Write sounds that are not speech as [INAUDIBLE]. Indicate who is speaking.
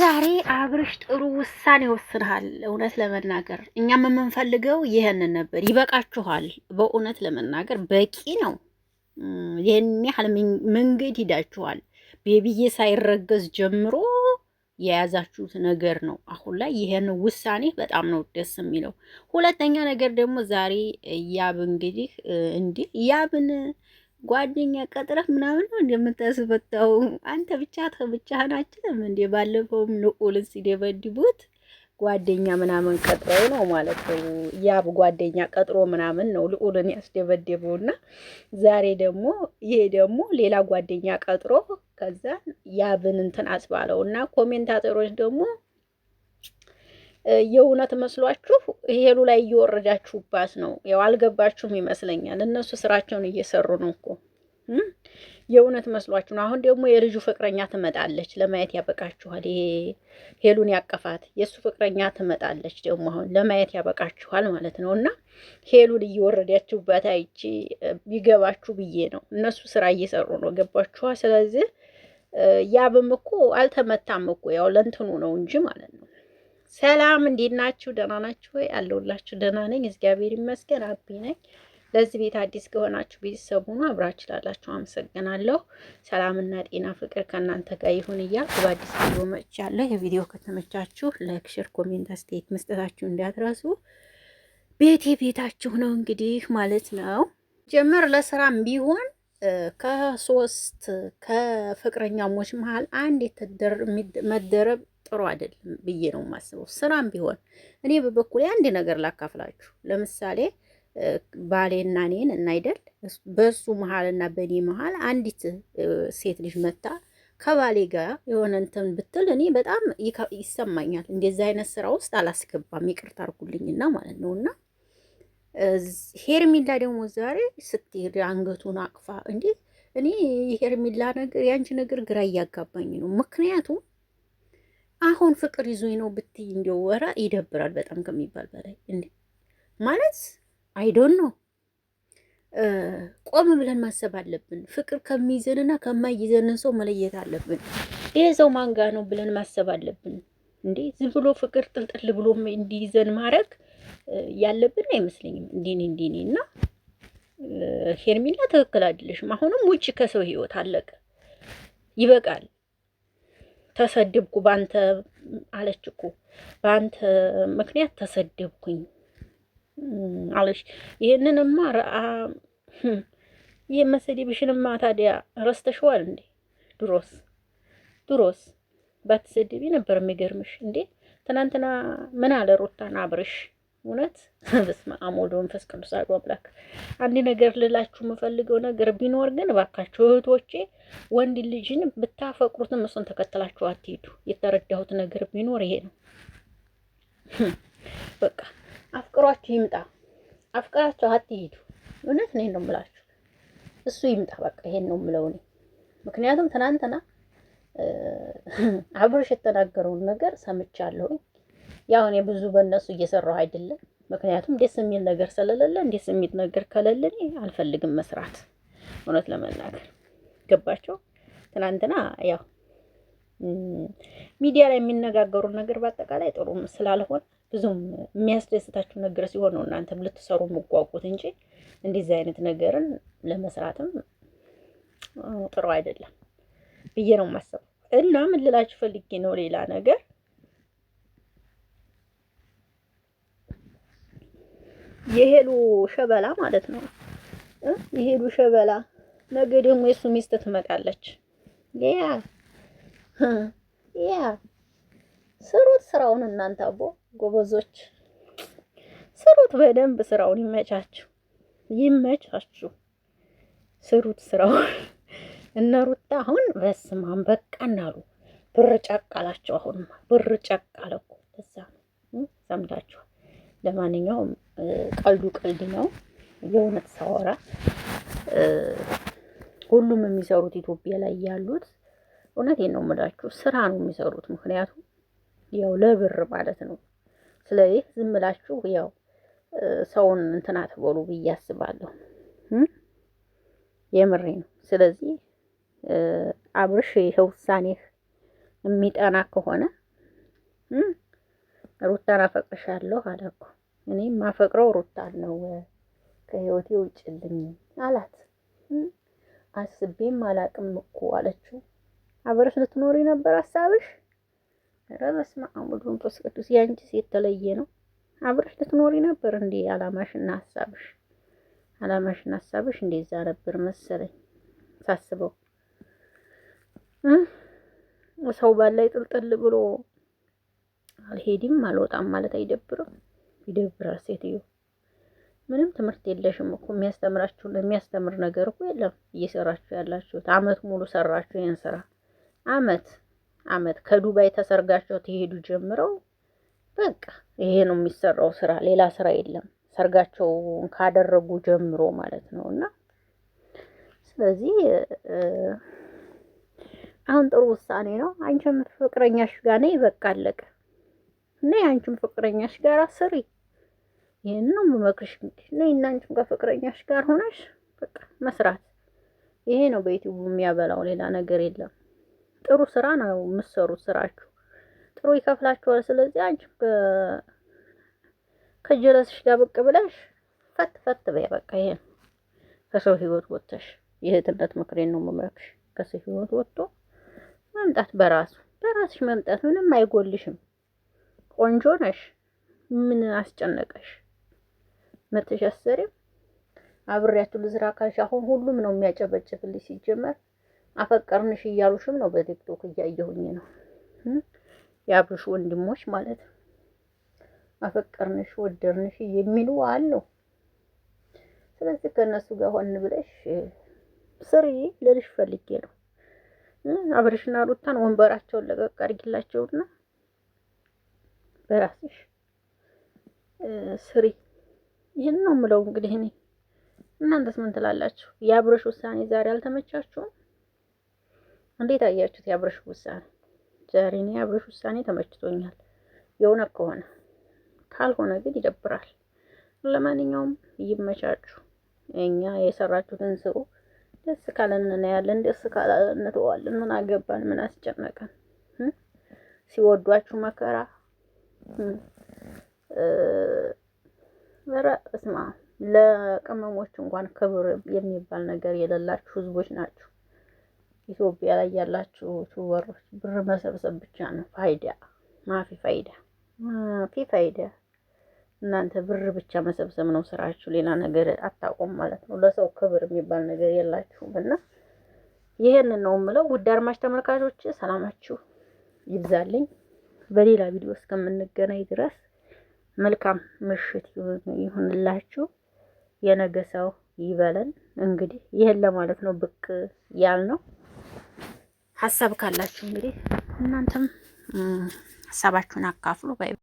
Speaker 1: ዛሬ አብርሽ ጥሩ ውሳኔ ወስንሃል። እውነት ለመናገር እኛም የምንፈልገው ይህንን ነበር። ይበቃችኋል። በእውነት ለመናገር በቂ ነው። ይህን ያህል መንገድ ሂዳችኋል። ቤቢዬ ሳይረገዝ ጀምሮ የያዛችሁት ነገር ነው። አሁን ላይ ይህን ውሳኔ በጣም ነው ደስ የሚለው። ሁለተኛ ነገር ደግሞ ዛሬ ያብ እንግዲህ እንዲህ ያብን ጓደኛ ቀጥረህ ምናምን ነው እንደምታስፈታው አንተ ብቻ ብቻህን አችልም እንዴ? ባለፈውም ልዑልን ሲደበድቡት ጓደኛ ምናምን ቀጥረው ነው ማለት ነው። ያብ ጓደኛ ቀጥሮ ምናምን ነው ልዑልን ያስደበደበውና ዛሬ ደግሞ ይሄ ደግሞ ሌላ ጓደኛ ቀጥሮ ከዛ ያብን እንትን አስባለው እና ኮሜንታተሮች ደግሞ የእውነት መስሏችሁ ሄሉ ላይ እየወረዳችሁባት ነው። ያው አልገባችሁም ይመስለኛል። እነሱ ስራቸውን እየሰሩ ነው እኮ የእውነት መስሏችሁ ነው። አሁን ደግሞ የልጁ ፍቅረኛ ትመጣለች፣ ለማየት ያበቃችኋል። ይሄ ሄሉን ያቀፋት የእሱ ፍቅረኛ ትመጣለች ደግሞ አሁን ለማየት ያበቃችኋል ማለት ነው። እና ሄሉን እየወረዳችሁባት አይቺ ቢገባችሁ ብዬ ነው። እነሱ ስራ እየሰሩ ነው። ገባችኋ? ስለዚህ ያብም እኮ አልተመታም እኮ ያው ለእንትኑ ነው እንጂ ማለት ነው ሰላም እንዴት ናችሁ? ደህና ናችሁ ወይ? አለሁላችሁ። ደህና ነኝ፣ እግዚአብሔር ይመስገን። አቢ ነኝ። ለዚህ ቤት አዲስ ከሆናችሁ ቤተሰብ ሁኑ። አብራችሁ ላላችሁ አመሰግናለሁ። ሰላምና ጤና ፍቅር ከእናንተ ጋር ይሁን እያልኩ በአዲስ ቪዲዮ መጥቻለሁ። የቪዲዮ ከተመቻችሁ ላይክ፣ ሼር፣ ኮሜንት አስተያየት መስጠታችሁ እንዳትረሱ። ቤቴ ቤታችሁ ነው እንግዲህ ማለት ነው። ጀምር ለስራም ቢሆን ከሶስት ከፍቅረኛሞች መሀል አንድ መደረብ ጥሩ አይደለም ብዬ ነው የማስበው። ስራም ቢሆን እኔ በበኩሌ አንድ ነገር ላካፍላችሁ። ለምሳሌ ባሌና እኔን እናይደል በሱ መሀልና በእኔ መሀል አንዲት ሴት ልጅ መታ ከባሌ ጋር የሆነ እንትን ብትል እኔ በጣም ይሰማኛል። እንደዚህ አይነት ስራ ውስጥ አላስገባም። ይቅርታ አድርጉልኝና ማለት ነው እና ሄርሚላ ደግሞ ዛሬ ስትሄድ አንገቱን አቅፋ እንዴ! እኔ የሄርሚላ ነገር የአንቺ ነገር ግራ እያጋባኝ ነው ምክንያቱም አሁን ፍቅር ይዞኝ ነው ብትይ እንዲያው ወራ ይደብራል በጣም ከሚባል በላይ እንዴ ማለት አይዶን ነው። ቆም ብለን ማሰብ አለብን። ፍቅር ከሚይዘንና ከማይይዘንን ሰው መለየት አለብን። ይሄ ሰው ማንጋ ነው ብለን ማሰብ አለብን። እንዴ ዝም ብሎ ፍቅር ጥልጥል ብሎ እንዲይዘን ማድረግ ያለብን አይመስለኝም። እንዲኔ እንዲኔ እና ሄርሚላ ትክክል አይደለሽም። አሁንም ውጭ ከሰው ህይወት አለቀ፣ ይበቃል። ተሰደብኩ በአንተ አለች እኮ በአንተ ምክንያት ተሰደብኩኝ አለች። ይህንንማ ይህ መሰደብሽንማ ታዲያ ረስተሽዋል እንዴ? ድሮስ ድሮስ ባትሰድቢ ነበር የሚገርምሽ እንዴ። ትናንትና ምን አለ ሩታን አብርሽ እውነት [LAUGHS] በስመ አብ ወወልድ ወመንፈስ ቅዱስ አሐዱ አምላክ። አንድ ነገር ልላችሁ የምፈልገው ነገር ቢኖር ግን እባካችሁ እህቶቼ ወንድ ልጅን ብታፈቅሩትም እሱን ተከትላችሁ አትሄዱ። የተረዳሁት ነገር ቢኖር ይሄ ነው። [LAUGHS] በቃ አፍቅሯችሁ ይምጣ፣ አፍቅራችሁ አትሄዱ። እውነት ነው ነው የምላችሁ እሱ ይምጣ። በቃ ይሄን ነው የምለው እኔ ምክንያቱም ትናንትና አብረሽ የተናገረውን ነገር ሰምቻለሁኝ ያው እኔ ብዙ በእነሱ እየሰራሁ አይደለም። ምክንያቱም ደስ የሚል ነገር ስለሌለ እንዴስ የሚል ነገር ከሌለ አልፈልግም መስራት። እውነት ለመናገር ገባቸው። ትናንትና ያው ሚዲያ ላይ የሚነጋገሩ ነገር በአጠቃላይ ጥሩ ስላልሆነ ብዙም የሚያስደስታችሁ ነገር ሲሆን ነው እናንተም ልትሰሩ የምጓጉት እንጂ እንደዚህ አይነት ነገርን ለመስራትም ጥሩ አይደለም ብዬ ነው የማስበው። እና ምን ልላችሁ ፈልጌ ነው ሌላ ነገር የሄሉ ሸበላ ማለት ነው። የሄሉ ሸበላ ነገ ደግሞ የሱ ሚስት ትመጣለች። ያ ያ ስሩት ስራውን እናንተ አቦ ጎበዞች ስሩት በደንብ ስራውን። ይመቻችሁ፣ ይመቻችሁ፣ ስሩት ስራውን። [LAUGHS] እነ ሩታ አሁን በስመ በቃ እናሉ ብር ጨቅ አሁንማ ብር ጨቅ አለ ሰምታችኋል። ለማንኛውም ቀልዱ ቀልድ ነው። የእውነት ሳወራ ሁሉም የሚሰሩት ኢትዮጵያ ላይ ያሉት እውነቴን ነው የምላችሁ ስራ ነው የሚሰሩት። ምክንያቱም ያው ለብር ማለት ነው። ስለዚህ ዝም ብላችሁ ያው ሰውን እንትን አትበሉ ብዬ አስባለሁ። የምሬ ነው። ስለዚህ አብርሽ ይሄ ውሳኔህ የሚጠና ከሆነ ሩታን አፈቅርሻለሁ አለኩ። እኔ ማፈቅረው ሩታን ነው ከህይወቴ ውጭልኝ አላት። አስቤም አላቅም እኮ አለችው። አብረሽ ልትኖሪ ነበር ሀሳብሽ? ኧረ በስመ አብ ወወልድ ወመንፈስ ቅዱስ ያንቺስ የተለየ ነው። አብረሽ ልትኖሪ ነበር እንዴ አላማሽና ሀሳብሽ? አላማሽና ሀሳብሽ እንደዛ ነበር መሰለኝ ሳስበው ሰው ባላይ ጥልጥል ብሎ አልሄድም አልወጣም ማለት አይደብርም? ይደብራል። ሴትዮ ምንም ትምህርት የለሽም እኮ የሚያስተምራችሁ የሚያስተምር ነገር እኮ የለም። እየሰራችሁ ያላችሁት አመት ሙሉ ሰራችሁ ይህን ስራ አመት አመት ከዱባይ ተሰርጋቸው ትሄዱ ጀምረው በቃ ይሄ ነው የሚሰራው ስራ፣ ሌላ ስራ የለም። ሰርጋቸውን ካደረጉ ጀምሮ ማለት ነው። እና ስለዚህ አሁን ጥሩ ውሳኔ ነው። አንቺም ፍቅረኛሽ ጋር ነይ፣ በቃ አለቀ እና አንቺም ፍቅረኛሽ ጋር ስሪ። ይህን ነው የምመክርሽ። እንግዲህ እና ጋር ከፍቅረኛሽ ጋር ሆነሽ በቃ መስራት ይሄ ነው በዩቲዩብ የሚያበላው፣ ሌላ ነገር የለም። ጥሩ ስራ ነው የምትሰሩት፣ ስራችሁ ጥሩ ይከፍላችኋል። ስለዚህ አንቺም ከጀለስሽ ጋር ብቅ ብለሽ ፈት ፈት በይ። በቃ ይሄ ከሰው ህይወት ወጥተሽ የእህትነት ምክሬን ነው የምመክርሽ። ከሰው ህይወት ወጥቶ መምጣት በራሱ በራስሽ መምጣት ምንም አይጎልሽም። ቆንጆ ነሽ። ምን አስጨነቀሽ? መተሻሰሪም አብሬያችሁ ልዝራ ካልሽ አሁን ሁሉም ነው የሚያጨበጭብልሽ። ሲጀመር አፈቀርንሽ እያሉሽም ነው በቲክቶክ እያየሁኝ ነው የአብርሽ ወንድሞች ማለት ነው። አፈቀርንሽ ወደርንሽ የሚሉ አሉ። ስለዚህ ከእነሱ ጋር ሆን ብለሽ ስሪ ልልሽ ፈልጌ ነው። አብርሽና ሩታን ወንበራቸውን ለቀቅ አድርጊላቸውና በራስሽ ስሪ። ይህን ነው የምለው እንግዲህ እኔ። እናንተስ ምን ትላላችሁ? የአብረሽ ውሳኔ ዛሬ አልተመቻችሁም? እንዴት አያችሁት? የአብረሽ ውሳኔ ዛሬ እኔ የአብርሽ ውሳኔ ተመችቶኛል። የሆነ ከሆነ ካልሆነ ግን ይደብራል። ለማንኛውም ይመቻችሁ። እኛ የሰራችሁትን ስሩ። ደስ ካለን እናያለን፣ ደስ ካላለን እንተዋለን። ምን አገባን? ምን አስጨነቀን? ሲወዷችሁ መከራ ኧረ እስማ ለቅመሞች እንኳን ክብር የሚባል ነገር የሌላችሁ ህዝቦች ናችሁ። ኢትዮጵያ ላይ ያላችሁ ቱበሮች ብር መሰብሰብ ብቻ ነው ፋይዳ፣ ማፊ ፋይዳ፣
Speaker 2: ማፊ ፋይዳ።
Speaker 1: እናንተ ብር ብቻ መሰብሰብ ነው ስራችሁ፣ ሌላ ነገር አታውቁም ማለት ነው። ለሰው ክብር የሚባል ነገር የላችሁም እና ይህንን ነው የምለው። ውድ አድማጭ ተመልካቾች ሰላማችሁ ይብዛልኝ። በሌላ ቪዲዮ እስከምንገናኝ ድረስ መልካም ምሽት ይሁንላችሁ። የነገ ሰው ይበለን። እንግዲህ ይህን ለማለት ነው ብቅ ያል ነው። ሀሳብ ካላችሁ እንግዲህ እናንተም ሀሳባችሁን አካፍሉ።